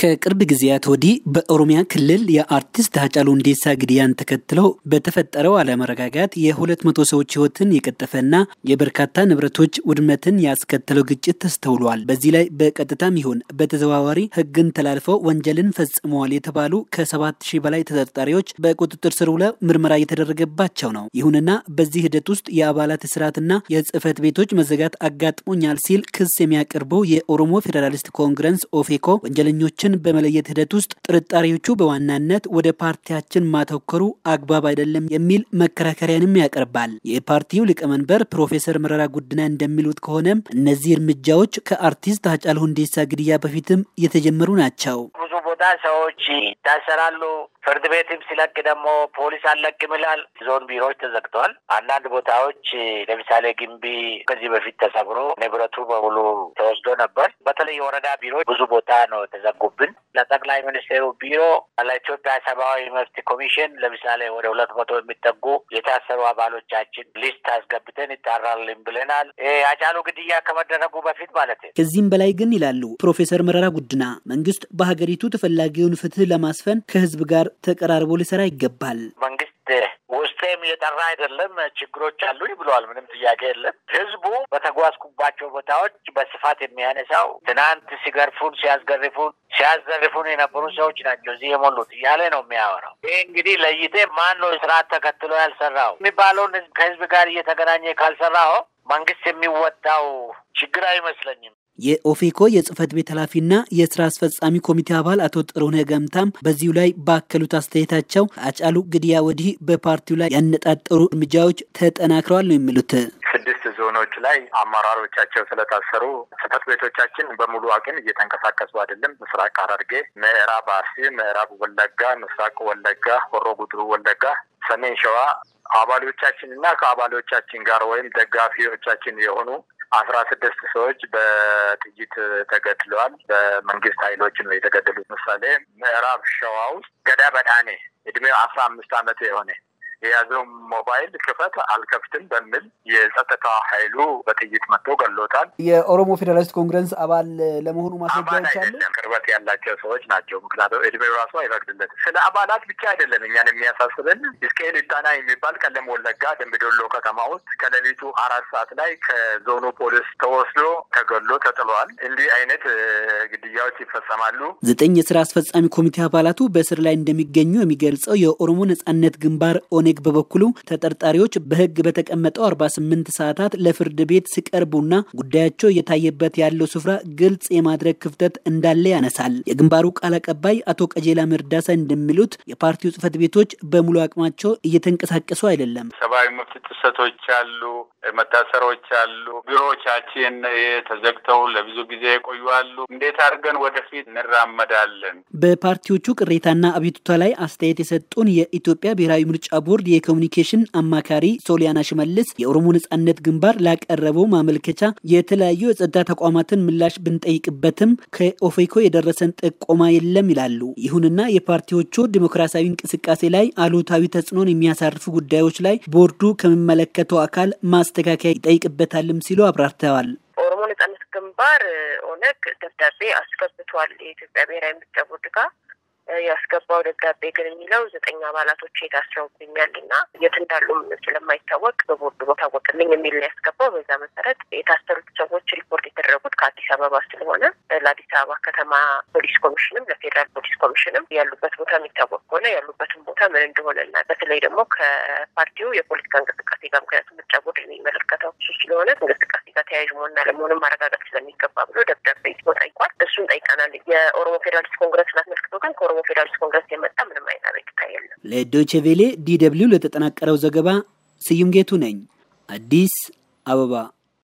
ከቅርብ ጊዜያት ወዲህ በኦሮሚያ ክልል የአርቲስት ሀጫሉ ሁንዴሳ ግድያን ተከትለው በተፈጠረው አለመረጋጋት የሁለት መቶ ሰዎች ህይወትን የቀጠፈና የበርካታ ንብረቶች ውድመትን ያስከተለው ግጭት ተስተውሏል። በዚህ ላይ በቀጥታም ይሁን በተዘዋዋሪ ህግን ተላልፈው ወንጀልን ፈጽመዋል የተባሉ ከሰባት ሺህ በላይ ተጠርጣሪዎች በቁጥጥር ስር ውለው ምርመራ እየተደረገባቸው ነው። ይሁንና በዚህ ሂደት ውስጥ የአባላት እስራትና የጽህፈት ቤቶች መዘጋት አጋጥሞኛል ሲል ክስ የሚያቀርበው የኦሮሞ ፌዴራሊስት ኮንግረስ ኦፌኮ ወንጀለኞችን እጩዎችን በመለየት ሂደት ውስጥ ጥርጣሬዎቹ በዋናነት ወደ ፓርቲያችን ማተኮሩ አግባብ አይደለም የሚል መከራከሪያንም ያቀርባል። የፓርቲው ሊቀመንበር ፕሮፌሰር መረራ ጉድና እንደሚሉት ከሆነም እነዚህ እርምጃዎች ከአርቲስት ሃጫሉ ሁንዴሳ ግድያ በፊትም የተጀመሩ ናቸው። ሲወጣ ሰዎች ይታሰራሉ። ፍርድ ቤትም ሲለቅ ደግሞ ፖሊስ አለቅም ይላል። ዞን ቢሮዎች ተዘግተዋል። አንዳንድ ቦታዎች ለምሳሌ ግንቢ ከዚህ በፊት ተሰብሮ ንብረቱ በሙሉ ተወስዶ ነበር። በተለይ የወረዳ ቢሮ ብዙ ቦታ ነው የተዘጉብን። ለጠቅላይ ሚኒስትሩ ቢሮ፣ ለኢትዮጵያ ሰብአዊ መብት ኮሚሽን ለምሳሌ ወደ ሁለት መቶ የሚጠጉ የታሰሩ አባሎቻችን ሊስት አስገብተን ይጣራልን ብለናል። አጫሉ ግድያ ከመደረጉ በፊት ማለት ከዚህም በላይ ግን ይላሉ ፕሮፌሰር መረራ ጉድና መንግስት በሀገሪቱ አስፈላጊውን ፍትህ ለማስፈን ከህዝብ ጋር ተቀራርቦ ሊሰራ ይገባል። መንግስት ውስጤም እየጠራ አይደለም፣ ችግሮች አሉኝ ብለዋል። ምንም ጥያቄ የለም። ህዝቡ በተጓዝኩባቸው ቦታዎች በስፋት የሚያነሳው ትናንት ሲገርፉን፣ ሲያስገርፉን፣ ሲያዘርፉን የነበሩ ሰዎች ናቸው እዚህ የሞሉት እያለ ነው የሚያወራው። ይህ እንግዲህ ለይቴ ማን ነው ስርዓት ተከትሎ ያልሰራው የሚባለውን ከህዝብ ጋር እየተገናኘ ካልሰራው መንግስት የሚወጣው ችግር አይመስለኝም። የኦፌኮ የጽህፈት ቤት ኃላፊና የስራ አስፈጻሚ ኮሚቴ አባል አቶ ጥሩነህ ገምታም በዚሁ ላይ ባከሉት አስተያየታቸው አጫሉ ግድያ ወዲህ በፓርቲው ላይ ያነጣጠሩ እርምጃዎች ተጠናክረዋል ነው የሚሉት። ስድስት ዞኖች ላይ አመራሮቻቸው ስለታሰሩ ጽህፈት ቤቶቻችን በሙሉ አቅም እየተንቀሳቀሱ አይደለም። ምስራቅ ሐረርጌ፣ ምዕራብ አርሲ፣ ምዕራብ ወለጋ፣ ምስራቅ ወለጋ፣ ሆሮ ጉድሩ ወለጋ፣ ሰሜን ሸዋ አባሎቻችን እና ከአባሎቻችን ጋር ወይም ደጋፊዎቻችን የሆኑ አስራ ስድስት ሰዎች በጥይት ተገድለዋል። በመንግስት ኃይሎች ነው የተገደሉት። ምሳሌ ምዕራብ ሸዋ ውስጥ ገዳ በዳኔ እድሜው አስራ አምስት ዓመት የሆነ የያዘው ሞባይል ክፈት አልከፍትም በሚል የጸጥታ ኃይሉ በጥይት መጥቶ ገሎታል። የኦሮሞ ፌዴራሊስት ኮንግረስ አባል ለመሆኑ ማስረጃ ይቻሉ ቅርበት ያላቸው ሰዎች ናቸው። ምክንያቱም እድሜው ራሱ አይፈቅድለት። ስለ አባላት ብቻ አይደለም እኛን የሚያሳስብን። እስቅኤል ኢጣና የሚባል ቀለም ወለጋ ደምቢዶሎ ከተማ ውስጥ ከሌሊቱ አራት ሰዓት ላይ ከዞኑ ፖሊስ ተወስዶ ተገሎ ተጥሏል። እንዲህ አይነት ግድያዎች ይፈጸማሉ። ዘጠኝ የስራ አስፈጻሚ ኮሚቴ አባላቱ በእስር ላይ እንደሚገኙ የሚገልጸው የኦሮሞ ነጻነት ግንባር ኦነ ኦነግ በበኩሉ ተጠርጣሪዎች በህግ በተቀመጠው 48 ሰዓታት ለፍርድ ቤት ሲቀርቡና ጉዳያቸው እየታየበት ያለው ስፍራ ግልጽ የማድረግ ክፍተት እንዳለ ያነሳል። የግንባሩ ቃል አቀባይ አቶ ቀጀላ መርዳሳ እንደሚሉት የፓርቲው ጽህፈት ቤቶች በሙሉ አቅማቸው እየተንቀሳቀሱ አይደለም። ሰብአዊ መብት ጥሰቶች አሉ፣ መታሰሮች አሉ፣ ቢሮዎቻችን ተዘግተው ለብዙ ጊዜ የቆዩ አሉ። እንዴት አድርገን ወደፊት እንራመዳለን? በፓርቲዎቹ ቅሬታና አቤቱታ ላይ አስተያየት የሰጡን የኢትዮጵያ ብሔራዊ ምርጫ ቦርድ ቦርድ የኮሚኒኬሽን አማካሪ ሶሊያና ሽመልስ የኦሮሞ ነጻነት ግንባር ላቀረበው ማመልከቻ የተለያዩ የጸጥታ ተቋማትን ምላሽ ብንጠይቅበትም ከኦፌኮ የደረሰን ጥቆማ የለም ይላሉ። ይሁንና የፓርቲዎቹ ዲሞክራሲያዊ እንቅስቃሴ ላይ አሉታዊ ተጽዕኖን የሚያሳርፉ ጉዳዮች ላይ ቦርዱ ከሚመለከተው አካል ማስተካከያ ይጠይቅበታልም ሲሉ አብራርተዋል። ኦሮሞ ነጻነት ግንባር ኦነግ ደብዳቤ አስገብቷል የኢትዮጵያ ብሔራዊ ምርጫ ቦርድ ጋር ያስገባው ደብዳቤ ግን የሚለው ዘጠኝ አባላቶች የታስረውብኛል እና የት እንዳሉ ስለማይታወቅ በቦርዱ ታወቅልኝ የሚል ያስገባው። በዛ መሰረት የታሰሩት ሰዎች ሪፖርት የተደረጉት ከአዲስ አበባ ስለሆነ ለአዲስ አበባ ከተማ ፖሊስ ኮሚሽንም ለፌዴራል ፖሊስ ኮሚሽንም ያሉበት ቦታ የሚታወቅ ከሆነ ያሉበትን ቦታ ምን እንደሆነ እና በተለይ ደግሞ ከፓርቲው የፖለቲካ እንቅስቃሴ ጋር ምክንያቱም ምርጫ ቦርድ የሚመለከተው እሱ ስለሆነ እንቅስቃሴ ጋር ተያይዥ መሆንና ለመሆንም ማረጋገጥ ስለሚገባ ብሎ ደብዳቤ ጠይቋል። እሱን ጠይቀናል። የኦሮሞ ፌዴራሊስት ኮንግረስን አስመልክቶ ግን ከኦሮሞ ፌዴራሊስት ኮንግረስ የመጣ ምንም አይነት አቤቱታ የለም። ለዶቼ ቬሌ ዲ ደብልዩ ለተጠናቀረው ዘገባ ስዩም ጌቱ ነኝ፣ አዲስ አበባ